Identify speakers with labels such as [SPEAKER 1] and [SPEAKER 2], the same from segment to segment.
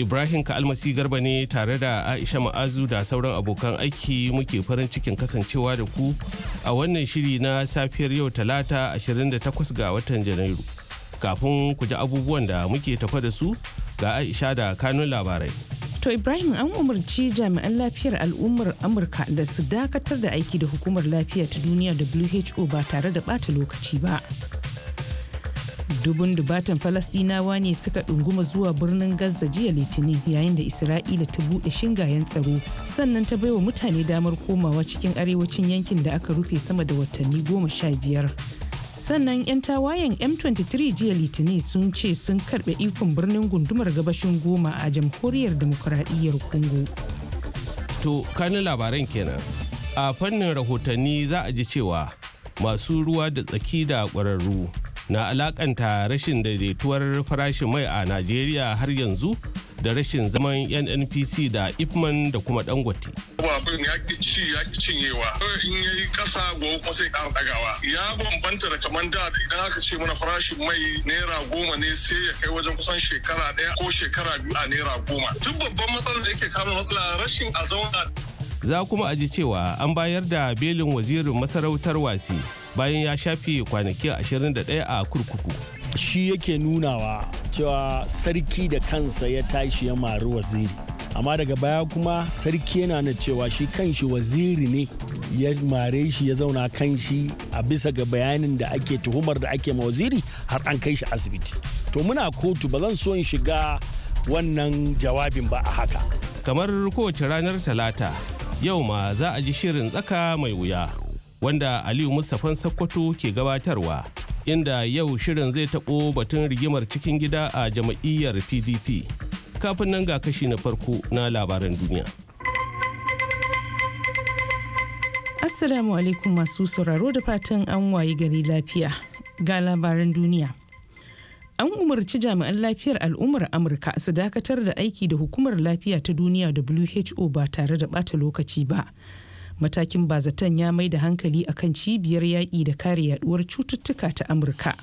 [SPEAKER 1] Ibrahim Ka'almasi Garba ne tare da Aisha Ma'azu da sauran abokan aiki muke farin cikin kasancewa da ku a wannan shiri na safiyar yau talata 28 ga watan Janairu. Kafin ku ji abubuwan da muke tafa da su ga Aisha da kanun labarai.
[SPEAKER 2] To Ibrahim an umarci jami'an lafiyar al'ummar Amurka da su dakatar da aiki da hukumar lafiya ta duniya WHO ba tare da ɓata lokaci ba. dubun dubatan falasɗinawa ne suka ɗunguma zuwa birnin gaza jiya litinin yayin da isra'ila ta buɗe shingayen tsaro sannan ta baiwa mutane damar komawa cikin arewacin yankin da aka rufe sama da watanni goma sha biyar sannan 'yan tawayen m23 jiya litinin sun ce sun karɓe ikon birnin gundumar gabashin goma a jamhuriyar demokuraɗiyyar congo
[SPEAKER 1] to kani labaran kenan a fannin rahotanni za a ji cewa masu ruwa da tsaki da ƙwararru na alakanta rashin daidaituwar farashin mai a najeriya har yanzu da rashin zaman nnpc da ipman da kuma dangote
[SPEAKER 3] Wabin ya ki ci ya ki cinyewa in ya yi kasa gobe kuma sai ƙara dagawa. ya bambanta da kamar da idan aka ce mana farashin mai naira goma ne sai ya kai wajen kusan shekara ɗaya ko shekara biyu a naira goma duk babban matsalar da yake kama matsala rashin a zauna
[SPEAKER 1] za kuma aji cewa an bayar da belin wazirin masarautar wasi bayan ya shafe kwanaki 21 a kurkuku
[SPEAKER 4] shi yake nunawa cewa sarki da kansa ya tashi ya mari waziri amma daga baya kuma sarki yana na cewa shi kanshi waziri ne ya mare shi ya zauna kanshi a bisa ga bayanin da ake tuhumar da ake ma waziri har an kai shi asibiti to muna kotu ba zan so in shiga wannan jawabin ba a haka
[SPEAKER 1] kamar kowace ranar talata yau ma za a ji shirin tsaka mai wuya wanda Aliyu Mustapha Sakkwato ke gabatarwa inda yau shirin zai taɓo batun rigimar cikin gida a jam'iyyar PDP. Kafin nan ga kashi na farko na labaran duniya.
[SPEAKER 2] Assalamu alaikum masu sauraro da fatan an wayi gari lafiya ga labaran duniya. an umarci jami'an lafiyar al'ummar amurka su dakatar da aiki da hukumar lafiya ta duniya who ba tare da bata lokaci ba matakin bazatan ya mai da hankali akan cibiyar yaƙi da kare yaduwar cututtuka ta amurka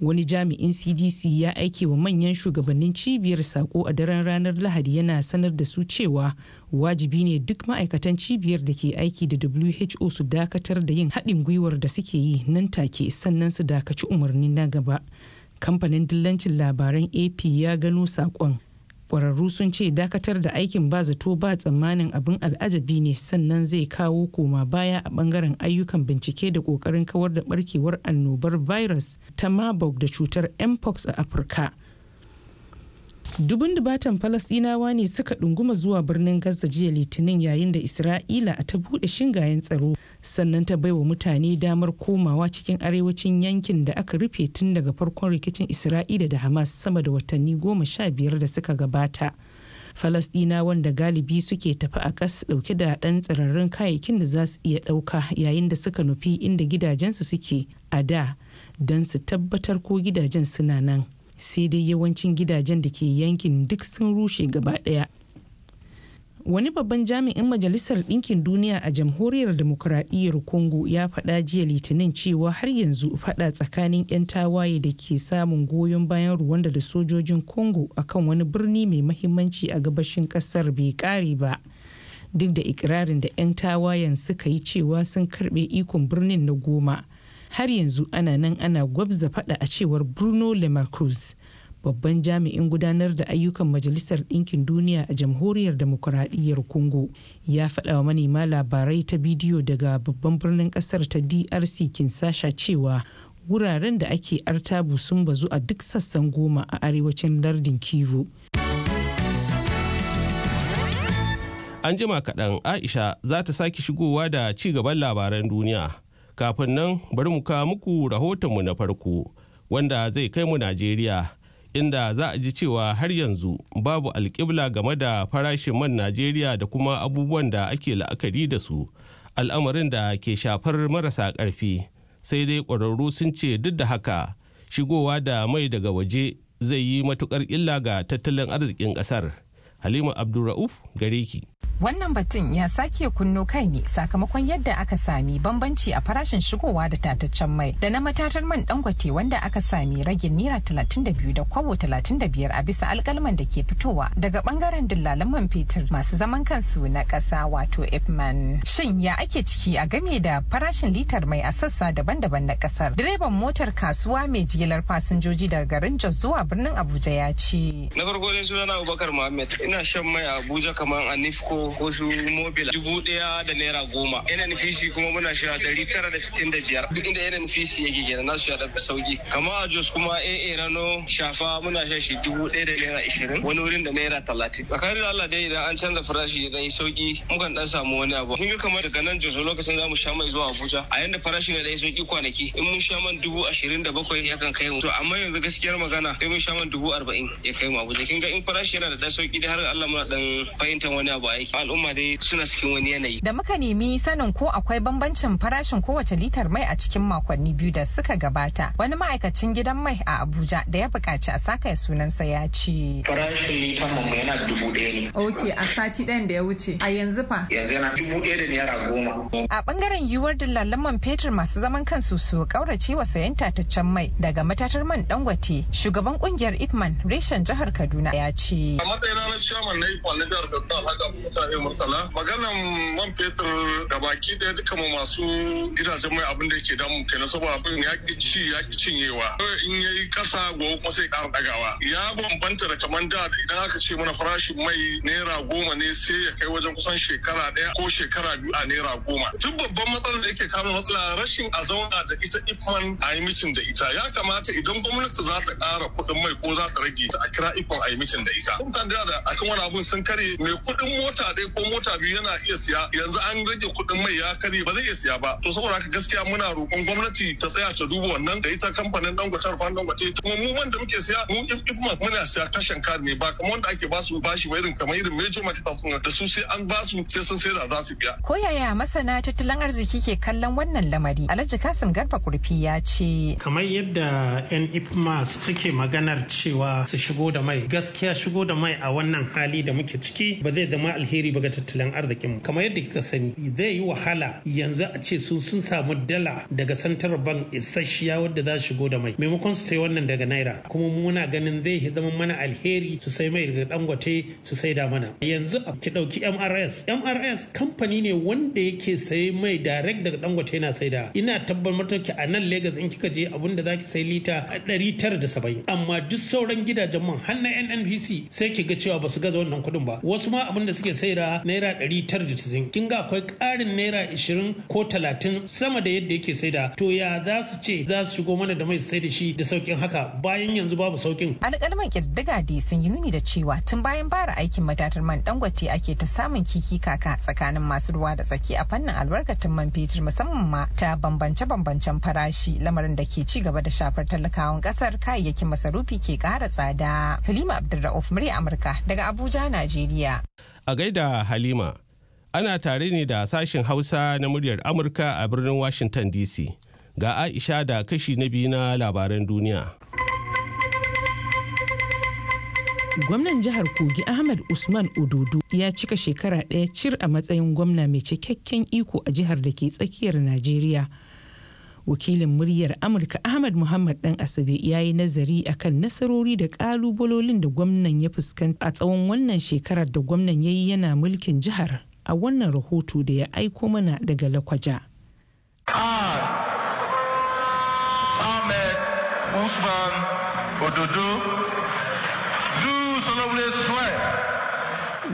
[SPEAKER 2] wani jami'in cdc ya aike wa manyan shugabannin cibiyar sako a daren ranar lahadi yana sanar da su cewa wajibi ne duk ma'aikatan cibiyar da ke aiki da who su dakatar da yin haɗin gwiwar da suke yi nan take sannan su dakaci umarni na gaba kamfanin dillancin labaran ap ya gano sakon ƙwararru sun ce dakatar da aikin ba zato ba tsammanin abin al'ajabi ne sannan zai kawo koma baya a bangaren ayyukan bincike da ƙoƙarin kawar da barkewar annobar virus ta marburg da cutar mpox a afirka dubin dubatan falasdinawa ne suka ɗunguma zuwa birnin gaza jiya litinin yayin da isra'ila a ta buɗe shingayen tsaro sannan ta baiwa mutane damar komawa cikin arewacin yankin da aka rufe tun daga farkon rikicin isra'ila da hamas sama da watanni goma sha biyar da suka gabata falasdina da galibi suke tafi a kas dauke da dan tsirarrun kayayyakin da za su iya ɗauka yayin da suka nufi inda gidajensu suke a da don su tabbatar ko gidajen suna nan sai dai yawancin gidajen da ke yankin duk sun rushe gaba ɗaya. Wani babban jami'in Majalisar Ɗinkin Duniya a Jamhuriyar Demokuraɗiyyar Congo ya faɗa jiya Litinin cewa har yanzu faɗa tsakanin 'yan tawaye da ke samun goyon bayan ruwan da sojojin Congo akan wani birni mai mahimmanci a gabashin ƙasar bai ƙare ba. Duk da ikirarin da 'yan tawayen suka yi cewa sun karɓe ikon birnin na goma. har yanzu ana nan ana gwabza fada a cewar bruno lemarcus babban jami'in gudanar da ayyukan majalisar ɗinkin duniya a jamhuriyar demokuraɗiyyar congo ya faɗa wa manema labarai ta bidiyo daga babban birnin ƙasar ta drc kinsasha cewa wuraren da ake artabu sun bazu a duk sassan goma a arewacin lardin kivu
[SPEAKER 1] an jima kaɗan aisha za ta sake shigowa da ci gaban labaran duniya kafin nan bari mu kawo muku rahotonmu na farko wanda zai kai mu najeriya inda za a ji cewa har yanzu babu alƙibla game da farashin man najeriya da kuma abubuwan da ake la'akari da su al'amarin da ke shafar marasa ƙarfi sai dai ƙwararru sun ce duk da haka shigowa da mai daga waje zai yi matuƙar illa ga tattalin arzikin ƙasar halima abdulra'uf gare ki
[SPEAKER 5] Wannan batun ya sake kunno kai ne sakamakon yadda aka sami bambanci a farashin shigowa da tataccen mai da na matatar man dangote wanda aka sami ragin naira 32 da kwabo 35 a bisa alkalman da ke fitowa daga bangaren dillalan man fetur masu zaman kansu na ƙasa wato Ipman. Shin ya ake ciki a game da farashin litar mai a sassa daban-daban na ƙasar? Direban motar kasuwa mai jigilar fasinjoji daga garin Jos zuwa birnin Abuja ya ce.
[SPEAKER 1] Na farko dai sunana Abubakar Muhammad ina shan mai a Abuja kamar a Nifko wasu mobila dubu daya da naira goma nnpc kuma muna shiga dari tara da sittin da biyar duk inda nnpc yake gina na ya ɗan sauki kama a jos kuma aa rano shafa muna shan shi dubu daya da naira ishirin wani wurin da naira talatin A kari da allah dai idan an canza farashi idan yi sauki mukan dan samu wani abu mun yi kamar daga nan jos lokacin zamu mu sha mai zuwa abuja a yanda farashi na da yi sauki kwanaki in mun sha man dubu ashirin da bakwai yakan kai mu to amma yanzu gaskiyar magana sai mun sha man dubu arba'in ya kai mu abuja kin ga in farashi yana da dan sauki dai har allah muna dan fahimtar wani abu aiki al'umma dai suna cikin wani yanayi.
[SPEAKER 5] Da muka nemi sanin ko akwai bambancin farashin kowace litar mai a cikin makonni biyu da suka gabata. Wani ma'aikacin gidan mai a Abuja da ya buƙaci a saka sunansa ya ce.
[SPEAKER 6] Farashin litar mai yana dubu ɗaya ne.
[SPEAKER 5] Ok a sati ɗayan da ya wuce. A yanzu fa? Yanzu yana
[SPEAKER 1] dubu ɗaya da naira goma.
[SPEAKER 5] A ɓangaren yiwuwar dillalan man fetur masu zaman kansu su ƙaurace wa sayan tataccen mai daga matatar man Dangote. Shugaban ƙungiyar Ipman reshen jihar Kaduna ya ce. A
[SPEAKER 3] matsayina na na Ipman na jihar Kaduna haka ya Murtala. Maganan man fetur da baki daya duka mu masu gidajen mai abin da ke damu kenan saboda abin ya ki ci ya ki cinyewa. In yayi kasa ƙasa gobe kuma sai ƙara ɗagawa. Ya bambanta da kamar da idan aka ce mana farashin mai naira goma ne sai ya kai wajen kusan shekara daya ko shekara biyu a naira goma. Duk babban matsalar da yake kama matsala rashin a zauna da ita ifman a yi mitin da ita. Ya kamata idan gwamnati za ta ƙara kuɗin mai ko za ta rage ta a kira ifman a yi mitin da ita. Mutane da akan wani abun sun kare mai kuɗin mota dai ko mota biyu yana iya siya yanzu an rage kuɗin mai ya kare ba zai iya siya ba to saboda haka gaskiya muna roƙon gwamnati ta tsaya ta duba wannan da ita kamfanin dangote rufan dangote kuma mu mun da muke siya mu ifma muna siya kashin kar ne ba kamar wanda ake basu bashi ba irin kamar irin major suna da su sai an basu sai sun sai da za su biya.
[SPEAKER 5] ko yaya masana tattalin arziki ke kallon wannan lamari alhaji kasim garba kurfi ya ce.
[SPEAKER 1] kamar yadda yan ifma suke maganar cewa su shigo da mai gaskiya shigo da mai a wannan hali da muke ciki ba zai zama alheri tasiri ga tattalin arzikin mu kamar yadda kika sani zai yi wahala yanzu a ce su sun samu dala daga santar bank isasshiya wadda za shigo da mai maimakon su sai wannan daga naira kuma muna ganin zai zama mana alheri su sai mai daga dangote su sai da mana yanzu a ki dauki MRS MRS kamfani ne wanda yake sai mai direct daga dangote yana sai da ina tabbatar ki a nan Lagos in kika je abin da zaki sai lita 970 amma duk sauran gidajen man har na NNPC sai ki ga cewa ba su gaza wannan kuɗin ba wasu ma abin da suke sai saira naira ɗari tara da kin ga akwai ƙarin naira ishirin ko talatin sama da yadda yake saida to ya za su ce za su shigo mana da mai sai da shi da saukin haka bayan yanzu babu saukin.
[SPEAKER 5] alƙalman ƙirdiga dai sun yi nuni da cewa tun bayan bara aikin matatar man dangote ake ta samun kiki kaka tsakanin masu ruwa da tsaki a fannin albarkatun man fetur musamman ma ta bambance-bambancen farashi lamarin da ke ci gaba da shafar talakawan kasar kayayyakin masarufi ke ƙara tsada. Halima Abdulra'uf murya Amurka daga Abuja, Najeriya.
[SPEAKER 1] A gaida Halima, ana tare ne da sashen Hausa na muryar Amurka a birnin Washington DC. Ga Aisha da kashi na biyu na labaran duniya.
[SPEAKER 2] Gwamnan jihar Kogi Ahmad Usman Ododo ya cika shekara ɗaya cir a matsayin gwamna mai cikakken iko a jihar da ke tsakiyar Najeriya. wakilin muryar amurka ahmad muhammad dan asabe ya yi nazari akan nasarori da kalubalolin da gwamnan ya fuskanta a tsawon wannan shekarar da gwamnan ya yi yana mulkin jihar a wannan rahoto da ya aiko mana daga lakwaja
[SPEAKER 1] Usman Ododo
[SPEAKER 6] do solemnly swear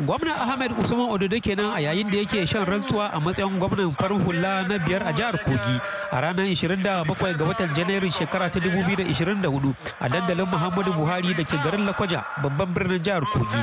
[SPEAKER 6] gwamna ahmed usman ododo kenan a yayin da yake shan rantsuwa a matsayin gwamnan farin hula na biyar a jihar kogi a ranar 27 ga watan janairu shekara ta 2024 a dandalin muhammadu buhari da ke garin lakwaja babban birnin jihar kogi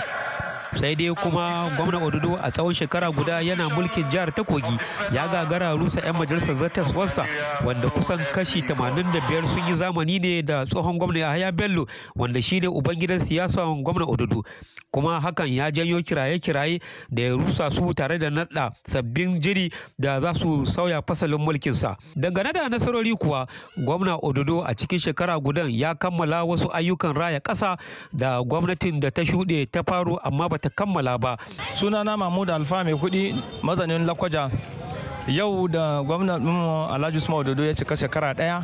[SPEAKER 6] sai dai kuma gwamnan odudu a tsawon shekara guda yana mulkin jihar ta kogi ya gagara rusa 'yan majalisar wasa wanda kusan kashi 85 sun yi zamani ne da tsohon gwamna yahaya bello wanda shine ubangidan siyasa gwamnan odudu kuma hakan ya janyo kiraye-kiraye da ya rusa su tare da nada sabbin jiri da za su sauya fasalin mulkinsa dangane da nasarori kuwa gwamna ododo a cikin shekara gudan ya kammala wasu ayyukan raya kasa da gwamnatin da ta shuɗe ta faru amma ba bata kammala ba sunana mahmud alfa mai kudi mazanin lakwaja yau da mu alhaji usman dodo ya cika shekara daya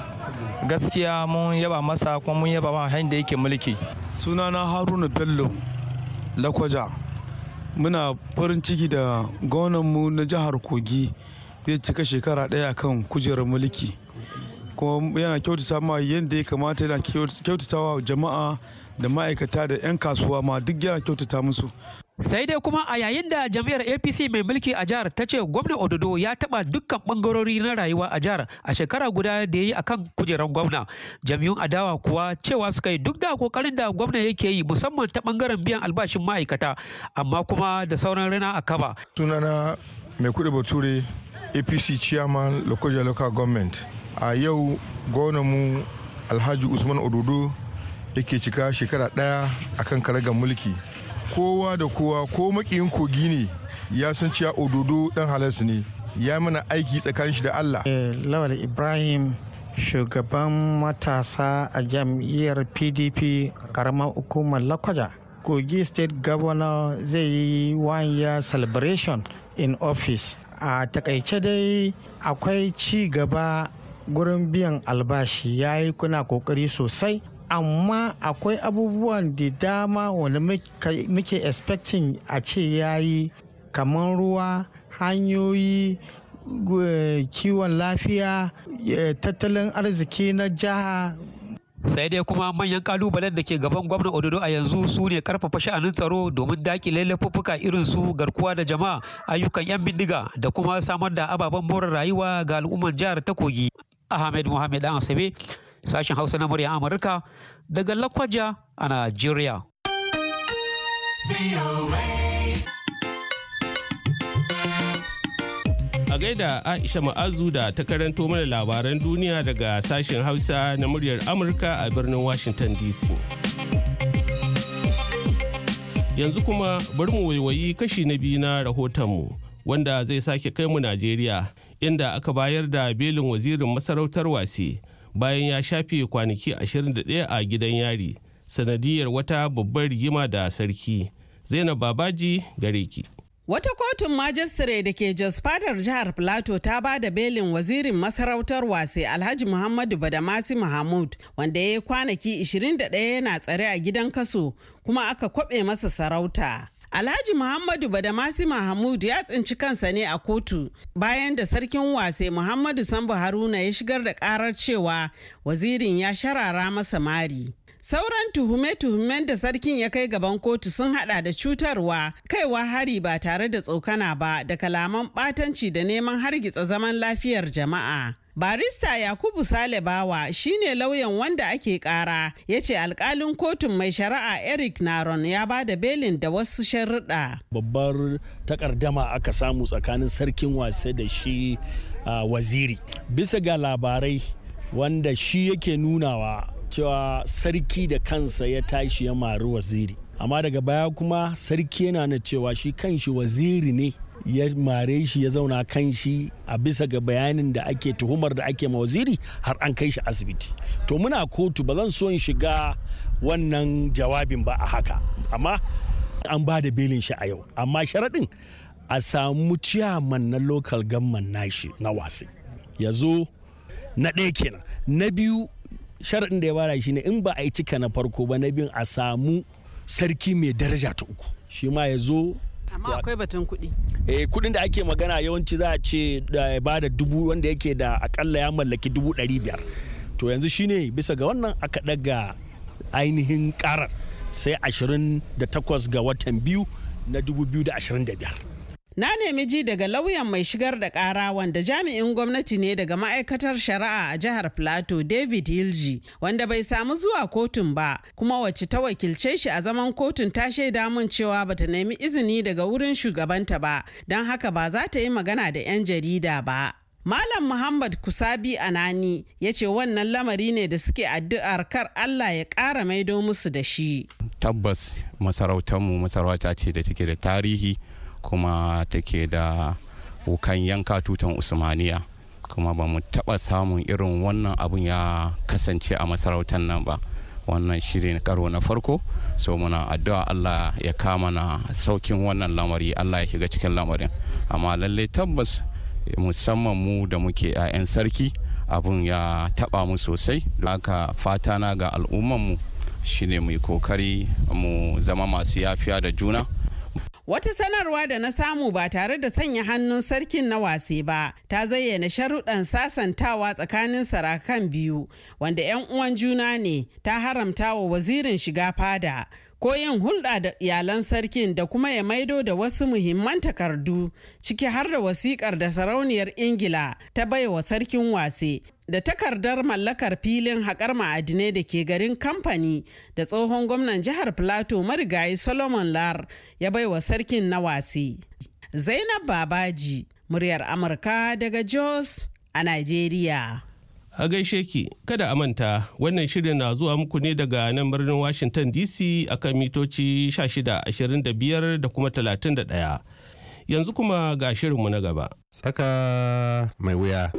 [SPEAKER 6] gaskiya mun yaba masa kuma mun yaba ma hanyar da yake mulki sunana haruna bello lakwaja muna farin ciki da gwamnan mu
[SPEAKER 7] na jihar kogi zai cika shekara daya kan kujerar mulki kuma yana kyautata ma yadda ya kamata yana kyautatawa jama'a da ma'aikata da 'yan
[SPEAKER 6] kasuwa ma duk yana kyautata musu sai dai kuma a yayin da jam'iyyar apc mai mulki a jihar ta ce gwamna ododo ya taba dukkan bangarori na rayuwa a jihar a shekara guda da ya yi akan kujerar gwamna jam'iyyun adawa kuwa cewa suka yi duk da kokarin da gwamna yake yi musamman ta bangaren biyan albashin ma'aikata amma kuma da sauran rana a kaba sunana mai kudi bature apc chairman lokoja local government a yau mu alhaji usman ododo yake cika shekara ɗaya akan karagar mulki kowa da kowa ko makiyin kogi ne ya san cewa ododo dan halarsu ne ya mana aiki tsakanin shi da allah eh, lawal ibrahim shugaban matasa a jam'iyyar pdp karamar hukumar lakwaja
[SPEAKER 7] kogi state governor zai yi one year celebration in office a takaice dai akwai ci gaba gurin biyan albashi ya yi kuna kokari sosai amma akwai abubuwan da dama wani muke expecting a ce ya yi kamar ruwa hanyoyi kiwon lafiya tattalin arziki
[SPEAKER 8] na jiha
[SPEAKER 6] sai dai kuma manyan kalubalen da ke gaban gwamnan ododo a yanzu su ne karfafa sha'anin tsaro domin dakile laifuffuka irin su garkuwa da jama'a ayyukan 'yan bindiga da kuma samar da ababen more rayuwa ga al'ummar jihar ta kogi ahmed muhammed dan Sashen Hausa na murya Amurka daga Lakwaja a Najeriya.
[SPEAKER 1] A gaida Aisha Ma'azu da ta karanto mana labaran duniya daga sashen Hausa na muryar Amurka a birnin Washington DC. Yanzu kuma bari mu waiwayi kashi na biyu na rahotonmu wanda zai sake kai mu Najeriya inda aka bayar da belin wazirin masarautar wasi. bayan ya shafe kwanaki 21 a gidan yari sanadiyar wata babbar rigima da sarki zainab babaji gare ki
[SPEAKER 9] wata kotun majistare da ke jos fadar jihar plateau ta ba da belin wazirin masarautar wase alhaji muhammadu badamasi mahmud wanda ya yi kwanaki 21 yana tsare a gidan kaso kuma aka kwabe masa sarauta Alhaji Muhammadu Badamasi Mahmud ya tsinci kansa ne a kotu bayan da sarkin wasai Muhammadu Sambu Haruna ya shigar da karar cewa wazirin ya sharara masa mari. Sauran tuhume-tuhumen da sarkin ya kai gaban kotu sun hada da cutarwa, kaiwa hari ba tare da tsokana ba da kalaman batanci da neman hargitsa zaman lafiyar jama'a. barista yakubu salebawa shine lauyan wanda ake kara ya ce alkalin kotun mai shari'a eric naron ya ba da belin da wasu sharuɗa babbar takardama aka samu tsakanin
[SPEAKER 4] sarkin wasa da shi waziri bisa ga labarai wanda shi yake nunawa cewa sarki da kansa ya tashi ya mari waziri amma daga baya kuma sarki yana na cewa shi kanshi waziri ne ya mare shi ya zauna kan shi a bisa ga bayanin da ake tuhumar da ake mawaziri har an kai shi asibiti to muna kotu ba zan so in shiga wannan jawabin ba a haka amma an ba da belin shi a yau amma sharaɗin a samu ciyaman na local gamman nashi na wasi ya zo na ɗaya kenan na biyu sharaɗin da ya bara shi ne in ba a yi cika na farko ba na biyun a samu sarki mai daraja ta uku shi ma ya zo amma akwai batun kuɗi eh kuɗin da ake magana yawanci za a ce ba da dubu wanda yake da akalla ya mallaki dubu ɗari biyar to yanzu shine bisa ga wannan aka ɗaga ainihin ƙarar sai 28 ga watan biyu na dubu biyu da biyar.
[SPEAKER 9] Na nemi ji daga lauyan mai shigar da kara wanda jami'in gwamnati ne daga ma'aikatar shari'a a jihar Plateau David Hilji wanda bai samu zuwa kotun ba kuma wacce ta wakilce shi a zaman kotun ta shaida mun cewa bata nemi izini daga wurin shugabanta ba don haka ba za ta yi magana da 'yan jarida ba. Malam Muhammad Kusabi Anani ya ce wannan lamari ne da suke addu'ar kar Allah ya ƙara maido musu da shi.
[SPEAKER 1] Tabbas masarautarmu masarauta ce da take da tarihi kuma take da wukan yanka tutan usmaniya kuma ba mu taɓa samun irin wannan abun ya kasance a masarautar nan ba wannan shiri karo na farko so muna addu'a allah ya kama na saukin wannan lamari allah ya shiga cikin lamarin amma lallai tabbas musamman mu da muke 'ya'yan sarki abun ya taɓa mu sosai haka fata na ga mu shine mu yi kokari mu zama masu yafiya da juna
[SPEAKER 9] Wata sanarwa da na samu ba tare da sanya hannun sarkin na wase ba ta zayyana sharuɗan sasantawa tsakanin sarakan biyu wanda 'yan uwan juna ne ta haramta wa wazirin shiga fada. ko yin hulɗa da iyalan sarkin da kuma ya maido da wasu muhimman takardu ciki har da wasikar da sarauniyar ingila ta baiwa sarkin wase da takardar mallakar filin haƙar ma'adinai da ke garin kamfani da tsohon gwamnan jihar plateau marigayi solomon lar ya baiwa sarkin na wasi zainab babaji muryar amurka daga jos a nigeria
[SPEAKER 1] a gaishe ki kada a manta wannan shirin na zuwa muku ne daga nan birnin washington dc akan mitoci 1625 da kuma 31 yanzu kuma ga shirinmu na gaba
[SPEAKER 10] tsaka mai wuya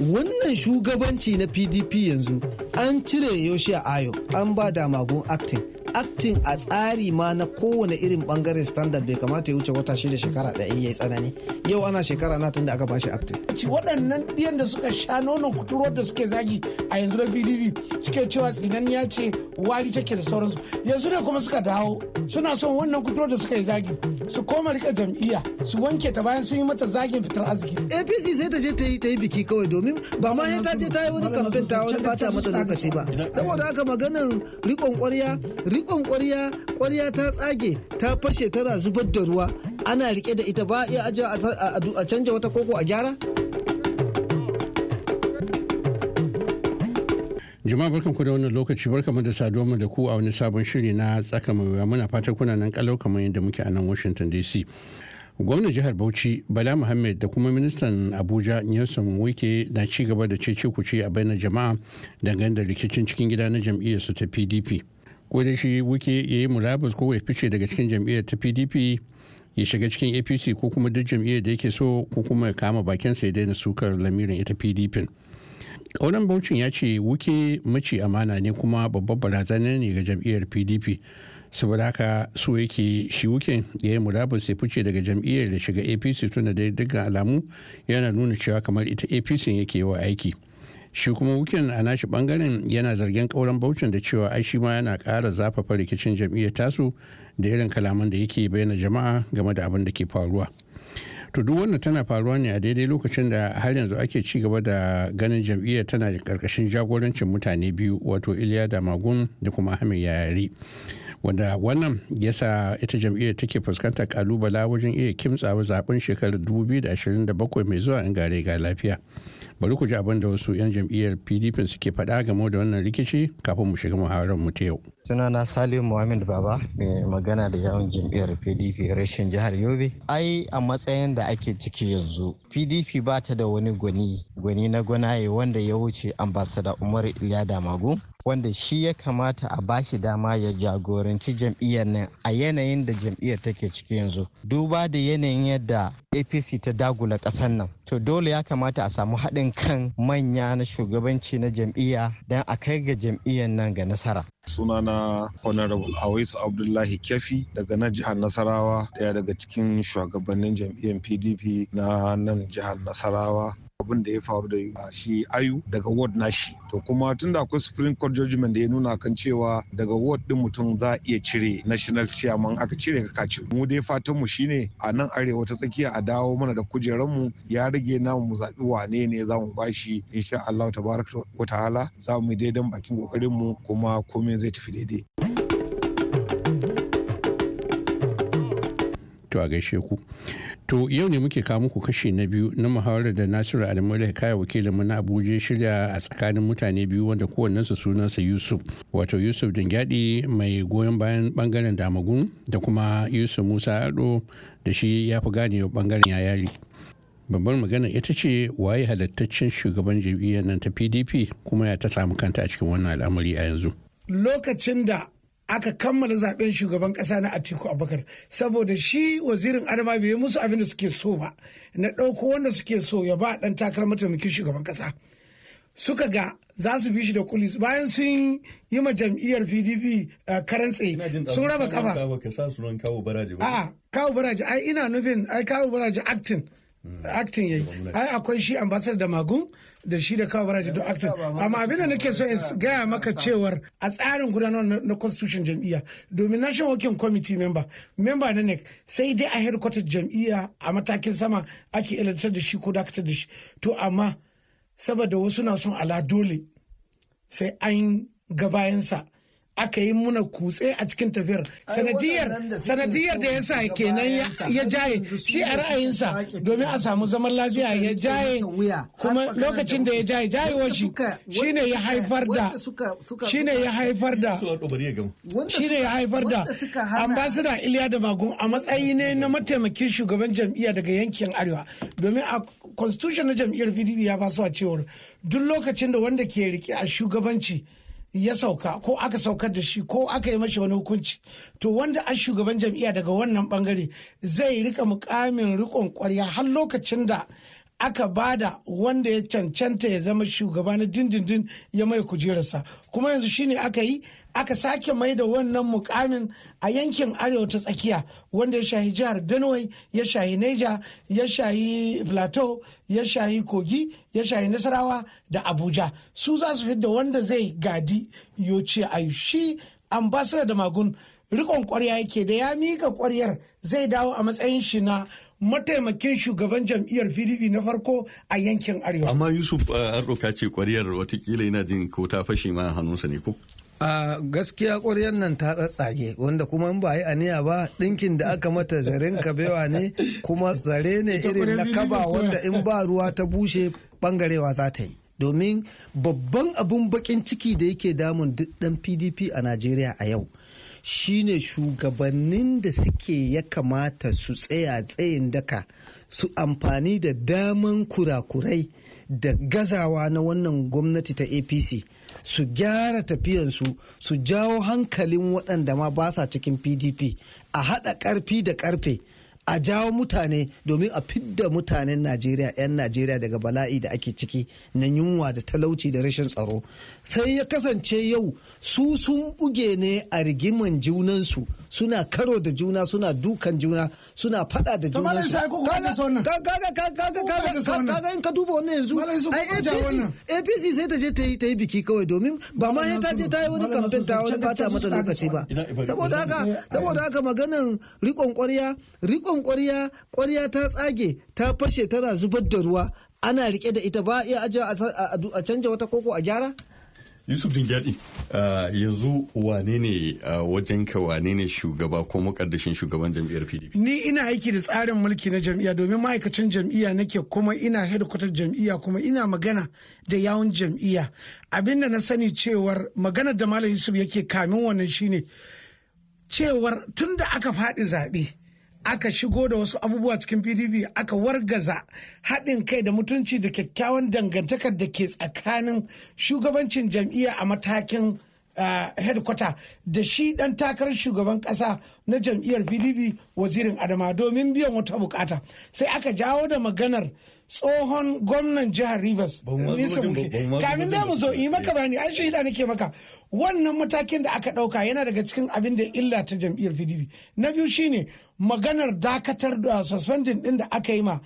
[SPEAKER 8] wannan shugabanci na pdp yanzu an cire a ayo an ba damagun acting acting a tsari ma na kowane irin bangaren standard bai kamata ya wuce wata shida shekara ɗaya yi tsanani yau ana shekara na tun da aka bashi ci waɗannan ɗiyan da
[SPEAKER 7] suka sha nono kuturwar da suke zagi a yanzu na bdb suke cewa tsinan ya ce wari take da sauransu yanzu ne kuma suka dawo suna son wannan kuturwar da suka yi zagi su koma
[SPEAKER 8] rika jam'iyya su wanke ta bayan sun yi mata zagin fitar arziki apc sai ta je ta yi biki kawai domin ba ma ta je ta yi wani kamfen ta wani bata mata haka ba saboda haka maganan rikon kwarya rikon kwarya kwarya ta tsage ta fashe tana zubar da ruwa ana rike da ita ba iya ajiya a canja wata koko a gyara
[SPEAKER 10] jama'a barkan ku da wannan lokaci barkan mu da saduwa mu da ku a wani sabon shiri na tsaka mai muna fatan kuna nan kalau kamar yadda muke a nan washington dc gwamnan jihar bauchi bala muhammed da kuma ministan abuja nelson wike na ci gaba da cece kuce a bainar jama'a dangane da rikicin cikin gida na jam'iyyar su ta pdp ko da shi wike ya yi murabus ko ya fice daga cikin jam'iyyar ta pdp ya shiga cikin apc ko kuma duk jam'iyyar da yake so ko kuma ya kama bakin ya daina sukar lamirin ita pdp kauran bauchin ya ce wuke mace amana ne kuma babbar barazana ne ga jam'iyyar pdp saboda haka su yake shi wuke ya yi murabus ya fice daga jam'iyyar da shiga apc tunda da dukkan alamu yana nuna cewa kamar ita apc yake yi wa aiki shi kuma wukin a nashi bangaren yana zargin kauran baucin da cewa ai shi ma yana kara zafafa rikicin jam'iyyar tasu da irin kalaman da yake bayyana jama'a game da abin da ke faruwa to duk wannan tana faruwa ne a daidai lokacin da har yanzu ake ci gaba da ganin jam'iyyar tana karkashin jagorancin mutane biyu wato iliya da magun da kuma hamin yayari wanda wannan yasa ita jam'iyyar take fuskantar kalubala wajen iya kimtsawa zaben shekarar 2027 mai zuwa in gare ga lafiya bari ku ji abin da wasu 'yan jam'iyyar pdp suke faɗa game da wannan rikici kafin mu shiga muhawarar mu ta yau sunana salim muhammad baba mai magana da
[SPEAKER 6] yawan jam'iyyar pdp rashin jihar
[SPEAKER 9] yobe ai a matsayin da ake ciki yanzu pdp ba ta da wani gwani gwani na gwanaye wanda ya wuce ambasada umar iliya damagu wanda shi ya kamata a bashi dama ya jagoranci jam'iyyar nan a yanayin da jam'iyyar take ciki yanzu duba da yanayin yadda apc ta dagula ƙasar nan to dole ya kamata a samu haɗin kan manya na shugabanci na jam'iyya don a kai ga jam'iyyar nan ga nasara
[SPEAKER 1] sunana honorable awaisu abdullahi kefi daga nan jihar nasarawa daya daga cikin shugabannin jam'iyyar pdp na nan jihar nasarawa abin da ya faru da ah, shi ayu daga ward nashi to kuma tun da akwai supreme court judgment da ya nuna kan cewa daga ward din mutum za a iya cire national chairman aka cire ka kaci mu dai fatan mu shine a nan arewa ta tsakiya a dawo mana da kujeran mu ya rage namu mu zabi wane ne za mu bashi insha Allah tabaraka wa ta'ala za mu daidan bakin kokarin mu kuma komai zai tafi daidai
[SPEAKER 10] to a gaishe ku to yau ne muke kawo muku kashi na biyu na muhawarar da nasiru ya kaya wakilin mu na abuja shirya a tsakanin mutane biyu wanda kowannensu sunansa yusuf wato yusuf dingyadi mai goyon bayan bangaren damagun da kuma yusuf musa ado da shi ya fi gane bangaren yayari babbar magana ita ce waye halittaccen shugaban jam'iyyar nan ta pdp kuma ya ta samu kanta a cikin wannan al'amari a yanzu
[SPEAKER 7] lokacin da aka kammala zaben shugaban kasa na Atiku Abubakar saboda shi wazirin arma bai musu abin da suke so ba na ɗauko wanda suke so ya ba dan takarar mataimakin shugaban kasa suka ga za su bi shi da kulis bayan sun yi ma jam'iyyar PDP uh, karan tsaye sun raba kafa
[SPEAKER 3] a
[SPEAKER 7] kawo baraji ai ina nufin ai kawo baraji acting hmm. acting yayi ai akwai shi ambassador da magun da shi da kawo baraji don acting amma abinda da nake so in gaya maka cewar a tsarin gudanar na constitution jam'iyya domin national working committee member member na nec sai dai a headquarter jam'iyya a matakin sama ake ilantar da shi ko dakatar da shi to amma saboda wasu na son ala dole sai an ga bayansa. aka yi muna kutse a cikin tafiyar sanadiyar sanadiyar da yasa kenan ya jaye shi a ra'ayinsa domin a samu zaman lafiya ya jaye kuma lokacin da ya jaye jaye shi shine ya haifar da
[SPEAKER 8] shine ya haifar
[SPEAKER 7] da shine ya haifar da
[SPEAKER 8] ambassador Iliya
[SPEAKER 7] da Bagun a matsayi ne na mataimakin shugaban jam'iyya daga yankin Arewa domin a constitution na jam'iyyar PDP ya ba su a cewar duk lokacin da wanda ke rike a shugabanci ya sauka ko aka saukar da shi ko aka yi mashi wani hukunci to wanda an shugaban jam'iyya daga wannan bangare zai rika mukamin rikon kwarya har lokacin da aka bada wanda ya cancanta ya zama shugaba na dindindin ya mai kujerarsa kuma yanzu shine aka yi aka sake mai da wannan mukamin a yankin arewa ta tsakiya wanda ya shahi jihar benue ya shahi neja ya shahi plateau ya shahi kogi ya shahi nasarawa da abuja su za su fidda wanda zai gadi yoce a shi ambasada da magun rikon kwarya yake da ya mika kwaryar zai dawo a matsayin shi na mataimakin shugaban jam'iyyar pdp na farko a yankin arewa amma yusuf
[SPEAKER 3] eh, an roka ce kwaryar watakila yana jin ko ta fashe ma hannunsa ne ko
[SPEAKER 8] a gaskiya ƙwaryar nan ta tsatsage wanda kuma in ba yi aniya ba ɗinkin da aka mata zaren kabewa ne kuma zare ne irin na kaba wanda in ba ruwa ta bushe bangarewa za ta yi domin babban abun baƙin ciki da yake damun duk ɗan pdp a najeriya a yau shine shugabannin da suke ya kamata su tsaya tsayin daka su amfani da daman kurakurai da gazawa na wannan gwamnati ta apc su gyara tafiyansu su jawo hankalin waɗanda ma ba sa cikin pdp a haɗa ƙarfi da ƙarfe a jawo mutane domin a fidda mutanen najeriya 'yan najeriya daga bala'i da ake ciki na yunwa da talauci da rashin tsaro sai ya kasance yau su sun buge ne a rigiman junansu suna karo da juna suna dukan juna suna fada da juna kaga ka duba wannan yanzu apc sai ta je ta yi biki kawai domin ba ma ta je ta yi wani kamfen ta wani bata mata lokaci ba saboda haka maganan rikon kwarya rikon kan ƙwarya ta tsage ta fashe tana zubar da ruwa ana rike da ita ba iya ajiye a canja wata koko a gyara
[SPEAKER 3] yusuf gyadi yanzu wane ne wajen ka wane ne shugaba ko mukaddashin shugaban jam'iyyar pdp
[SPEAKER 8] ni ina aiki da
[SPEAKER 7] tsarin mulki na jam'iyya domin ma'aikacin jam'iyya nake kuma ina hedikwatar jam'iyya kuma ina magana da yawun jam'iyya abinda na sani cewar maganar da malam yusuf yake kamin wannan shine cewar tunda aka faɗi zaɓe aka shigo da wasu abubuwa cikin pdp aka wargaza haɗin kai da mutunci da kyakkyawan dangantakar da ke tsakanin shugabancin jam'iyya a matakin uh, headquarter da shi ɗan takarar shugaban ƙasa na jam'iyyar pdp wazirin adama domin biyan wata bukata sai aka jawo da maganar tsohon gwamnan jihar rivers kamin da mu zo yi maka bani an shaida nake maka wannan matakin da aka ɗauka yana daga cikin abin da illa ta jam'iyyar pdp na biyu shine maganar dakatar da suspendin din da aka yi ma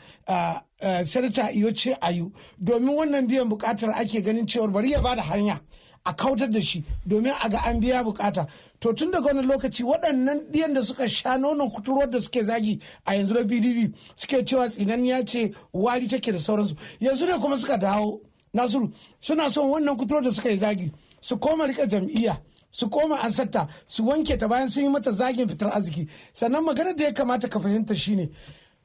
[SPEAKER 7] iyo ce ayu domin wannan biyan bukatar ake ganin cewar bari ya bada hanya a kautar da shi domin a ga an biya bukata to tun daga wani lokaci waɗannan ɗiyan da suka sha nonon kuturwar da suke zagi a yanzu na BDB suke cewa ya ce wari take da sauransu yanzu ne kuma suka dawo nasiru suna son wannan kuturwar da suka yi zagi su koma rika jam'iyya su koma an satta su wanke ta bayan sun yi mata zagin fitar arziki sannan maganar da ya kamata ka fahimta shine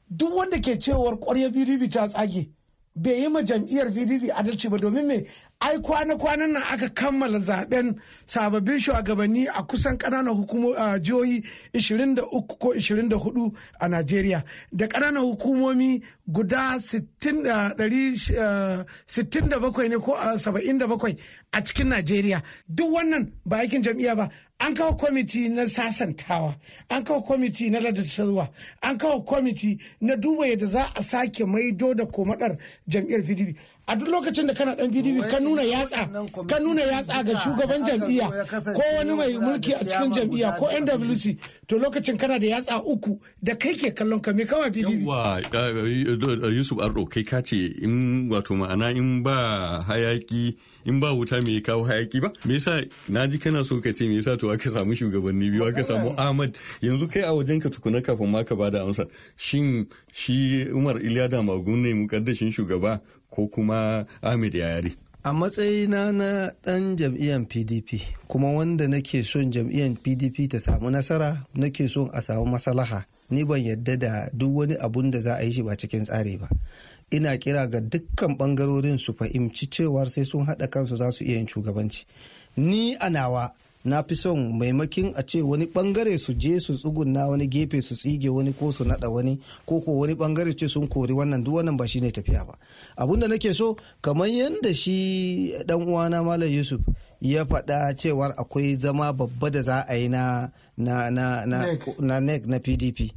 [SPEAKER 7] duk wanda ke cewar kwarya biyu ta tsage bai yi ma jam'iyyar pdp adalci ba domin me ai kwana-kwanan nan aka kammala zaben sababbin shugabanni a kusan ƙananan hukumomi jihohi 23 ko 24 a najeriya da ƙananan hukumomi guda 67 ne ko 77 a cikin najeriya duk wannan ba aikin jam'iyya ba an kawo kwamiti na sasantawa an kawo kwamiti na ladatarwa an kawo kwamiti na duba yadda za a sake maido da komadar jam'iyyar pdp a duk lokacin da kana dan PDP ka nuna yatsa ka nuna yatsa ga shugaban jam'iyya ko wani mai mulki a cikin jam'iyya ko NWC to lokacin kana da yatsa uku da kai ke kallon ka me kama
[SPEAKER 3] PDP yawa Yusuf Ardo kai ka ce in wato ma'ana in ba hayaki in ba wuta me kawo hayaki ba me yasa naji kana so ka ce me yasa to aka samu shugabanni biyu aka samu Ahmad yanzu kai a wajen ka tukuna kafin ma ka bada amsa shin shi Umar Iliya Magun ne mukaddashin shugaba ko kuma Ahmed yari A matsayina na ɗan jam'iyyar PDP kuma wanda nake son
[SPEAKER 8] jam'iyyar PDP ta samu nasara nake son a samu masalaha ni ban yadda da duk wani abun da za a yi shi ba cikin tsari ba. Ina kira ga dukkan bangarorin su fahimci cewar sai sun haɗa kansu za su iya yin shugabanci. Ni a nawa na fi son maimakin a ce wani bangare su je su tsugunna wani gefe su tsige wani ko su nada wani ko ko wani bangare ce sun kori wannan duk wannan ba shi ne tafiya ba abinda nake so kamar yadda shi dan uwana malam yusuf ya faɗa cewar akwai zama babba da za a yi na na na na nec na pdp e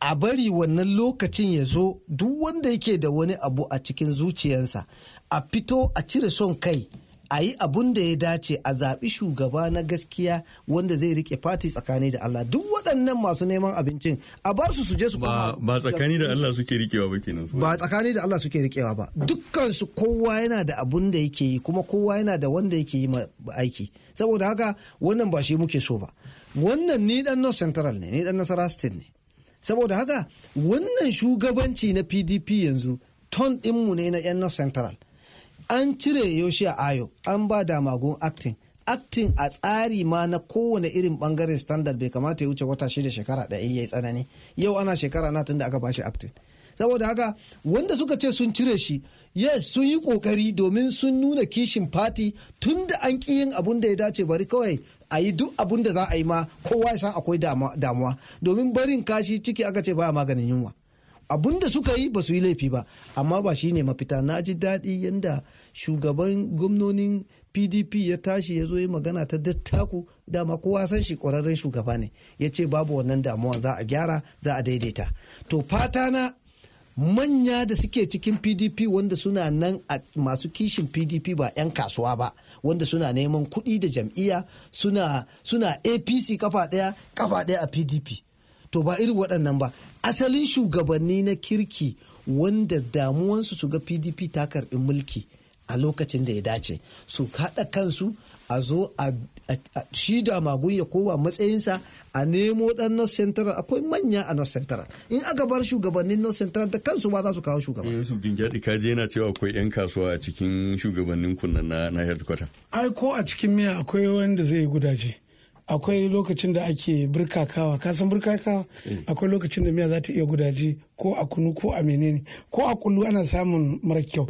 [SPEAKER 8] a bari wannan lokacin ya zo duk wanda yake da wani abu a cikin zuciyarsa a fito a cire son kai a yi abun da ya dace a zaɓi shugaba na gaskiya wanda zai rike fati tsakani da Allah duk waɗannan masu neman abincin a bar su su je su ba tsakani da Allah
[SPEAKER 3] suke rikewa ba kenan
[SPEAKER 8] ba tsakani da Allah suke rikewa ba dukkan su kowa yana da abun da yake yi kuma kowa yana da wanda yake yi aiki saboda haka wannan ba shi muke so ba wannan ni dan North Central ne ni dan Nasara State ne saboda haka wannan shugabanci na PDP yanzu ton ɗinmu ne na 'yan North Central an cire yoshi a ayo an ba da magun actin actin a tsari ma na kowane irin bangaren standard bai kamata ya wuce wata shida shekara ɗaya ya yi tsanani yau ana shekara na tun da aka bashi actin saboda haka wanda suka ce sun cire shi yes sun yi kokari domin sun nuna kishin fati tun da an ki yin abun da ya dace bari kawai a yi duk abun da za a yi ma kowa ya san akwai damuwa domin barin kashi ciki aka ce baya maganin yunwa abun da suka yi ba su yi laifi ba amma ba shi ne mafita na ji daɗi yadda shugaban gwamnonin pdp ya tashi ya zo yi magana ta dattaku dama kowa san shi ƙwararren shugaba ne ya ce babu wannan damuwa za a gyara za a daidaita to fata na manya da suke cikin pdp wanda suna nan a masu kishin pdp ba 'yan kasuwa ba wanda suna neman kuɗi da jam'iyya suna, suna apc kafa ɗaya kafa ɗaya a pdp to ba irin waɗannan ba asalin shugabanni na kirki wanda damuwansu su ga pdp ta karbi mulki a lokacin da ya dace su haɗa kansu a zo a shi da magun ya koma matsayinsa a nemo dan north central akwai manya a north central in aka bar shugabannin north central da kansu ba za su kawo shugaban
[SPEAKER 3] eh, yusuf ka kaji yana cewa akwai yan kasuwa a cikin shugabannin kunna na na headquarter
[SPEAKER 8] ai ko a cikin miya akwai wanda zai gudaje
[SPEAKER 7] akwai lokacin da ake birkakawa kasan birkakawa eh. akwai lokacin da miya za ta iya gudaje ko a kunu ko a menene ko a kullu ana samun mara kyau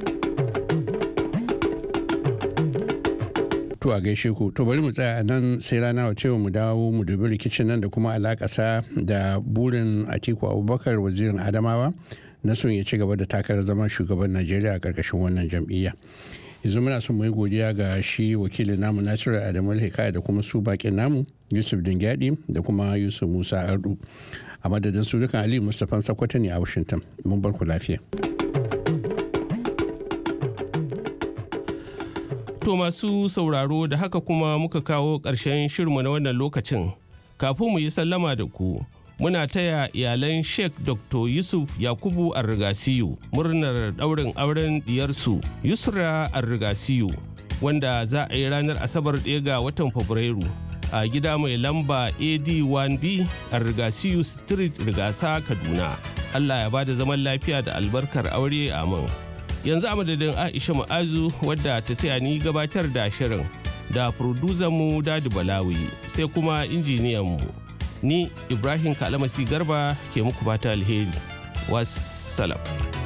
[SPEAKER 10] to a gaishe ku to bari mu tsaya nan sai rana wa cewa mu dawo mu dubi rikicin nan da kuma alakasa da burin atiku abubakar wazirin adamawa na son ya ci gaba da takarar zama shugaban najeriya a karkashin wannan jam'iyya yanzu muna son mu yi godiya ga shi wakilin namu nasiru adamu hikaya da kuma su bakin namu yusuf dingyadi da kuma yusuf musa ardu a madadin su dukan ali mustapha sakwata ne a washington mun bar ku lafiya
[SPEAKER 1] to masu sauraro da haka kuma muka kawo ƙarshen shirmu na wannan lokacin kafin mu yi sallama da ku muna taya iyalan sheikh dr yusuf yakubu arrigasiyu murnar daurin auren diyarsu yusra arrigasiyu wanda za a yi ranar asabar ɗaya ga watan fabrairu a gida mai lamba ad1b arrigasiyu street rigasa kaduna allah ya bada zaman lafiya da albarkar aure amin yanzu a madadin aisha ma'azu wadda ta taya ni gabatar da shirin da mu dadi balawi sai kuma injiniyanmu ni ibrahim kalamasi garba ke muku fata alheri wassalam